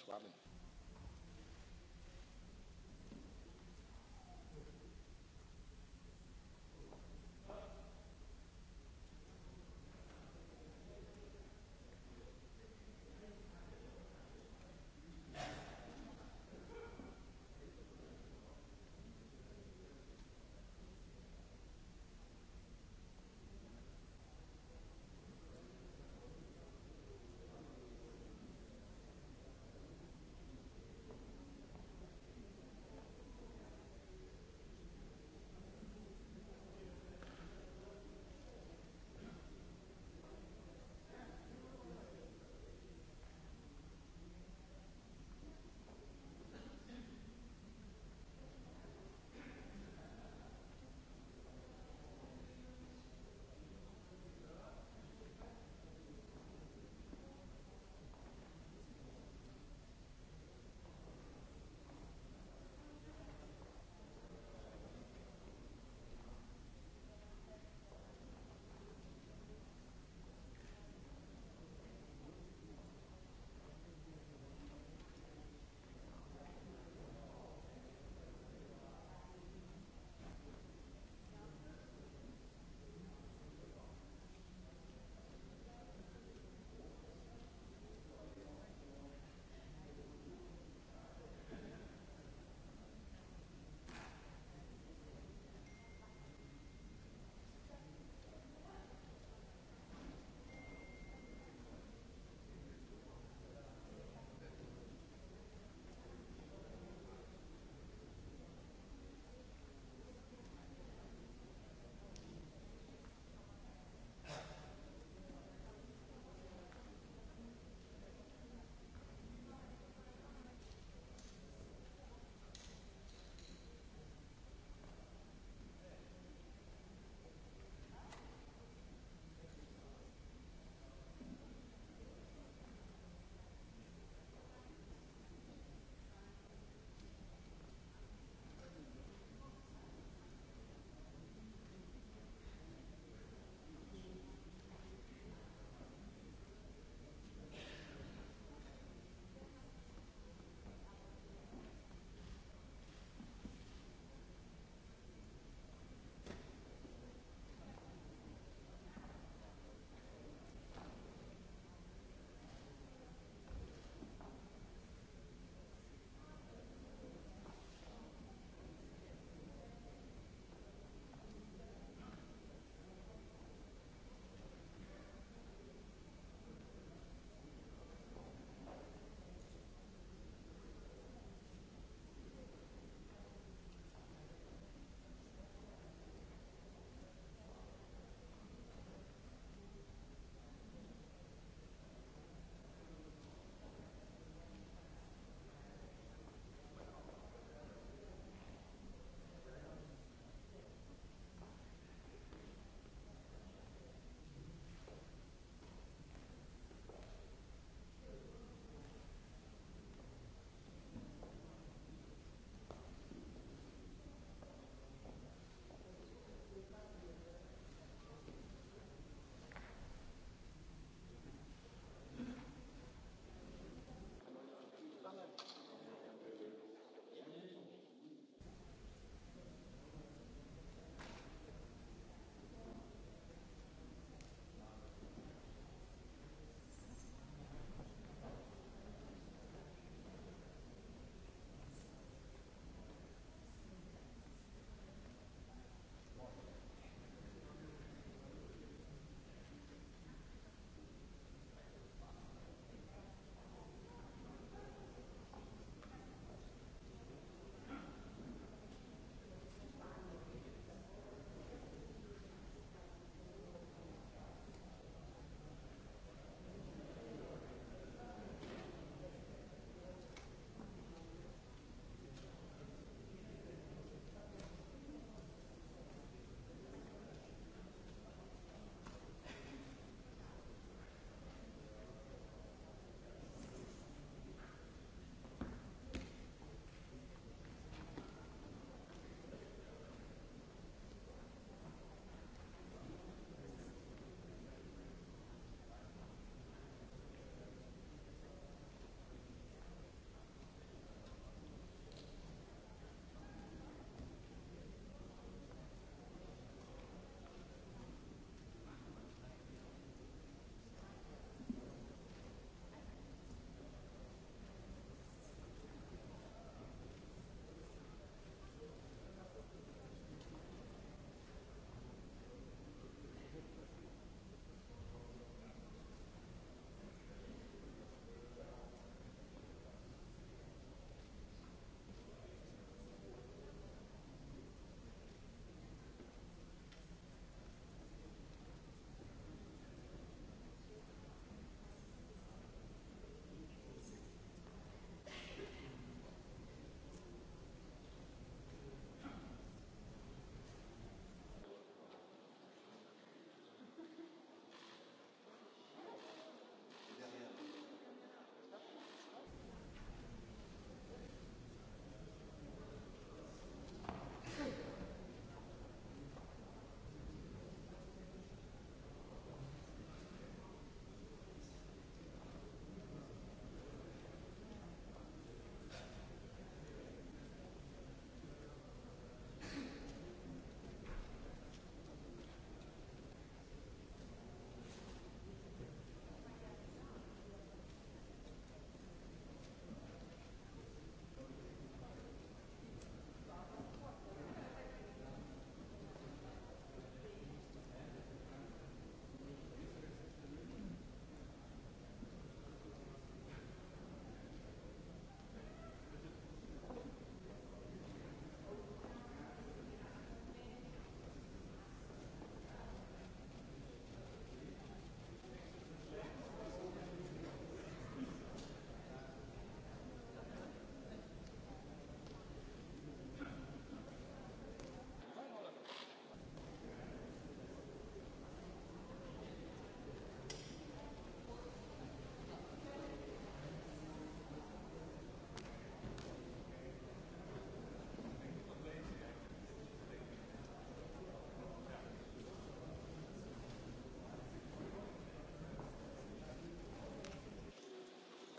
Schwaben.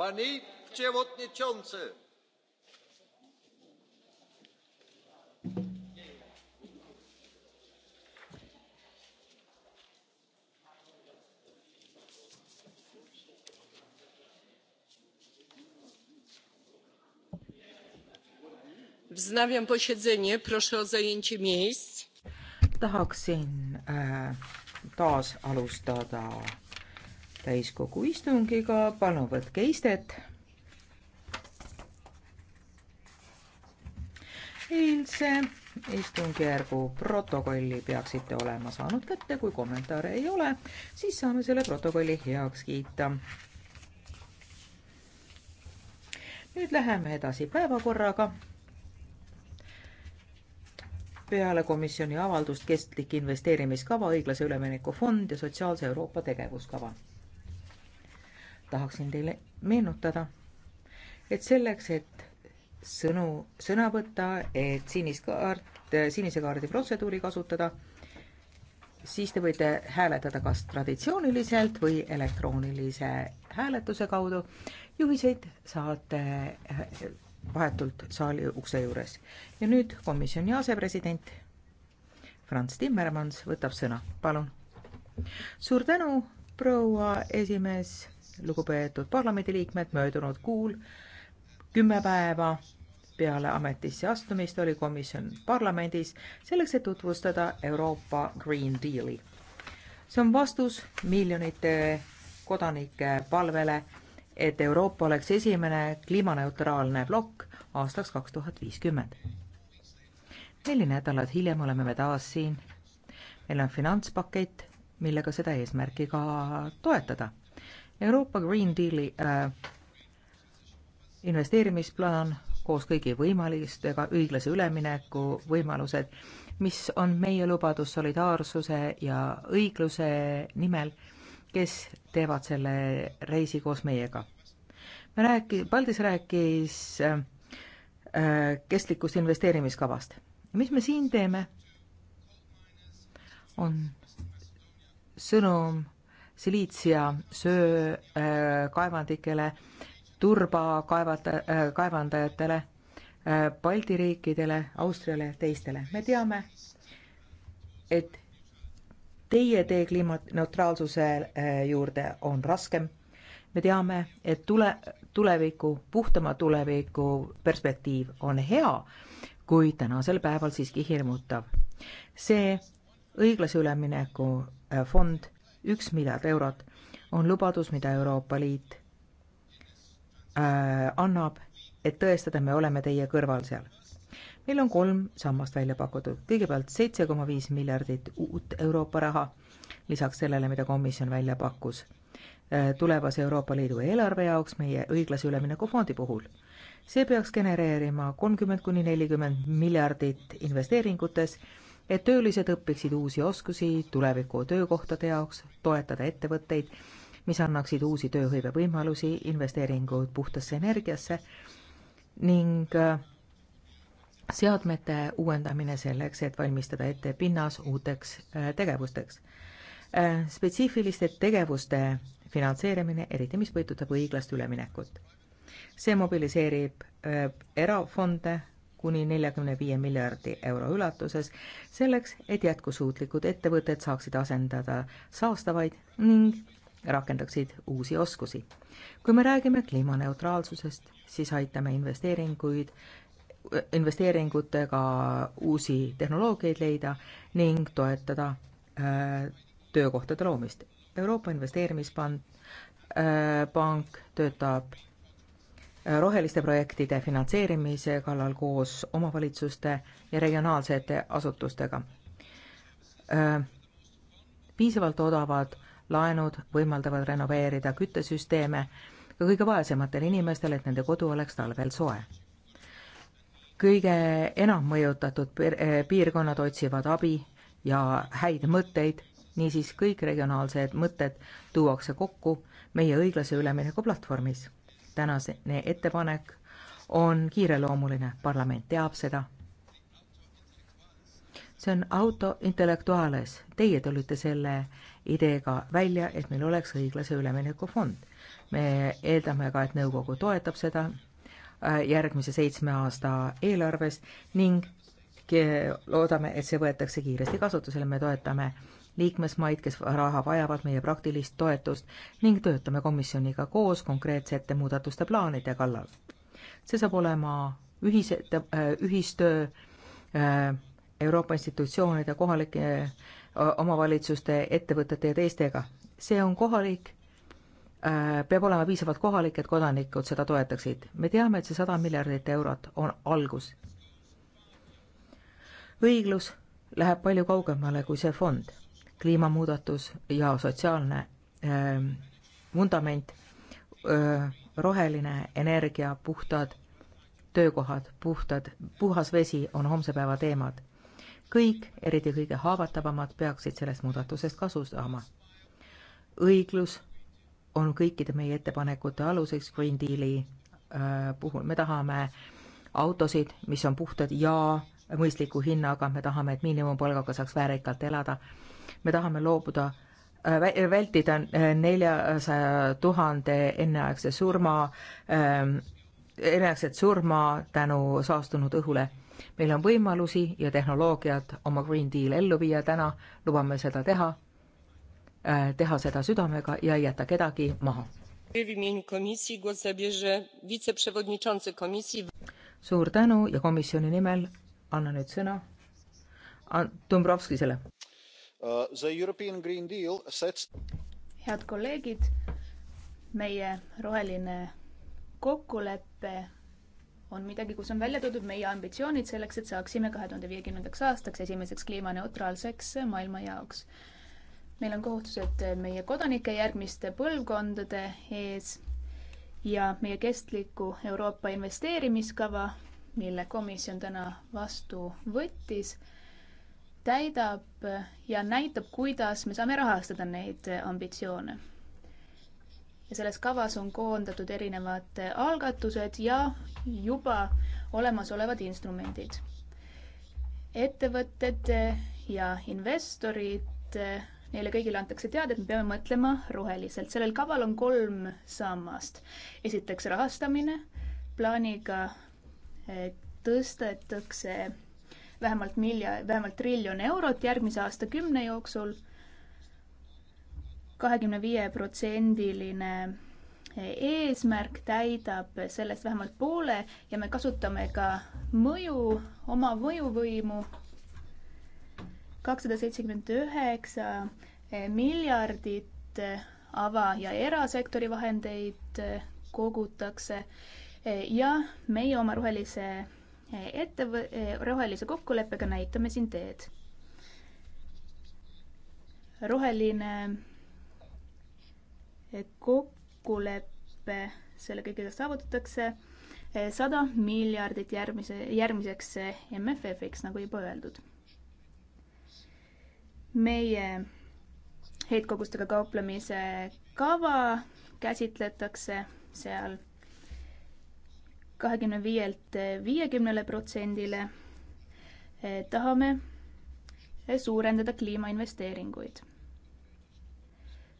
Pani przewodniczący! Wznawiam posiedzenie. Proszę o zajęcie miejsc. Tahaksin äh, e, taas alustada täiskogu istungiga, palun võtke istet. eilse istungjärgu protokolli peaksite olema saanud kätte, kui kommentaare ei ole, siis saame selle protokolli heaks kiita. nüüd läheme edasi päevakorraga peale komisjoni avaldust kestlik investeerimiskava, õiglase ülemineku fond ja sotsiaalse Euroopa tegevuskava tahaksin teile meenutada, et selleks, et sõnu, sõna võtta, et sinist kaart, sinise kaardi protseduuri kasutada, siis te võite hääletada kas traditsiooniliselt või elektroonilise hääletuse kaudu. juhiseid saate vahetult saali ukse juures. ja nüüd komisjoni asepresident Franz Timmermans võtab sõna, palun. suur tänu, proua esimees lugupeetud parlamendiliikmed, möödunud kuul kümme päeva peale ametisse astumist oli komisjon parlamendis selleks, et tutvustada Euroopa Green Deali. see on vastus miljonite kodanike palvele, et Euroopa oleks esimene kliimaneutraalne plokk aastaks kaks tuhat viiskümmend. neli nädalat hiljem oleme me taas siin. meil on finantspakett, millega seda eesmärki ka toetada Euroopa Green Deali äh, investeerimisplaan koos kõigi võimalistega, õiglase ülemineku võimalused, mis on meie lubadus solidaarsuse ja õigluse nimel, kes teevad selle reisi koos meiega. me rääki-, Paldis rääkis äh, kestlikust investeerimiskavast. mis me siin teeme, on sõnum siliitsia söö äh, kaevandikele, turba kaevata, äh, kaevandajatele, äh, Balti riikidele, Austriale ja teistele. me teame, et teie tee kliimaneutraalsuse juurde on raskem. me teame, et tule, tuleviku, puhtama tuleviku perspektiiv on hea, kuid tänasel päeval siiski hirmutav. see õiglase ülemineku fond üks miljard eurot on lubadus, mida Euroopa Liit äh, annab, et tõestada, me oleme teie kõrval seal. meil on kolm sammast välja pakutud, kõigepealt seitse koma viis miljardit uut Euroopa raha, lisaks sellele, mida komisjon välja pakkus äh, tulevase Euroopa Liidu eelarve jaoks meie õiglase ülemineku fondi puhul. see peaks genereerima kolmkümmend kuni nelikümmend miljardit investeeringutes äh, et töölised õpiksid uusi oskusi tuleviku töökohtade jaoks, toetada ettevõtteid, mis annaksid uusi tööhõivevõimalusi, investeeringuid puhtasse energiasse ning äh, seadmete uuendamine selleks, et valmistada ette pinnas uuteks äh, tegevusteks. Äh, spetsiifiliste tegevuste finantseerimine, eriti mis puudutab õiglast üleminekut. see mobiliseerib erafonde, kuni neljakümne viie miljardi euro ulatuses, selleks, et jätkusuutlikud ettevõtted saaksid asendada saastavaid ning rakendaksid uusi oskusi. kui me räägime kliimaneutraalsusest, siis aitame investeeringuid, investeeringutega uusi tehnoloogiaid leida ning toetada äh, töökohtade loomist. Euroopa Investeerimispank äh,, pank töötab roheliste projektide finantseerimise kallal koos omavalitsuste ja regionaalsete asutustega. piisavalt odavad laenud võimaldavad renoveerida küttesüsteeme ka kõige vaesematel inimestel, et nende kodu oleks talvel soe. kõige enam mõjutatud piirkonnad otsivad abi ja häid mõtteid, niisiis kõik regionaalsed mõtted tuuakse kokku meie õiglase ülemineku platvormis tänasene ettepanek on kiireloomuline, parlament teab seda. see on auto intellektuaales, teie tulite selle ideega välja, et meil oleks õiglase ülemineku fond. me eeldame ka, et nõukogu toetab seda äh, järgmise seitsme aasta eelarves ning loodame, et see võetakse kiiresti kasutusele, me toetame äh, liikmesmaid, kes raha vajavad meie praktilist toetust ning töötame komisjoniga koos konkreetsete muudatuste plaanide kallal. see saab olema ühise, äh, ühistöö äh, Euroopa institutsioonide, kohalike äh, omavalitsuste, ettevõtete ja teistega. see on kohalik peab olema piisavalt kohalik, et kodanikud seda toetaksid. me teame, et see sada miljardit eurot on algus. õiglus läheb palju kaugemale kui see fond kliimamuudatus ja sotsiaalne ähm, vundament, roheline energia, puhtad töökohad, puhtad, puhas vesi on homse päeva teemad. kõik, eriti kõige haavatavamad, peaksid sellest muudatusest kasu saama. õiglus on kõikide meie ettepanekute aluseks Green Deali puhul, me tahame autosid, mis on puhtad ja mõistliku hinnaga, me tahame, et miinimumpalgaga saaks väärikalt elada me tahame loobuda, äh, vältida neljasaja tuhande enneaegse surma, ähm, enneaegset surma tänu saastunud õhule. meil on võimalusi ja tehnoloogiad oma Green Deal ellu viia täna, lubame seda teha, äh, teha seda südamega ja ei jäta kedagi maha. suur tänu ja komisjoni nimel annan nüüd sõna Dombrovskisele Uh, sets... head kolleegid, meie roheline kokkulepe on midagi, kus on välja toodud meie ambitsioonid selleks, et saaksime kahe tuhande viiekümnendaks aastaks esimeseks kliimaneutraalseks maailma jaoks. meil on kohustused meie kodanike järgmiste põlvkondade ees ja meie kestliku Euroopa investeerimiskava, mille komisjon täna vastu võttis täidab ja näitab, kuidas me saame rahastada neid ambitsioone. ja selles kavas on koondatud erinevad algatused ja juba olemasolevad instrumendid. ettevõtted ja investorid, neile kõigile antakse teada, et me peame mõtlema roheliselt. sellel kaval on kolm sammast. esiteks rahastamine, plaaniga eh, tõstetakse vähemalt milja-, vähemalt triljon eurot järgmise aastakümne jooksul. kahekümne viie protsendiline eesmärk täidab sellest vähemalt poole ja me kasutame ka mõju, oma mõjuvõimu. kakssada seitsekümmend üheksa miljardit ava- ja erasektori vahendeid kogutakse ja meie oma rohelise ettevõ-, eh, rohelise kokkuleppega näitame siin teed. roheline eh, kokkulepe, selle kõigega saavutatakse eh, sada miljardit järgmise, järgmiseks MFF-iks, nagu juba öeldud. meie heitkogustega kauplemise kava käsitletakse seal kahekümne viielt viiekümnele protsendile eh, tahame eh, suurendada kliimainvesteeringuid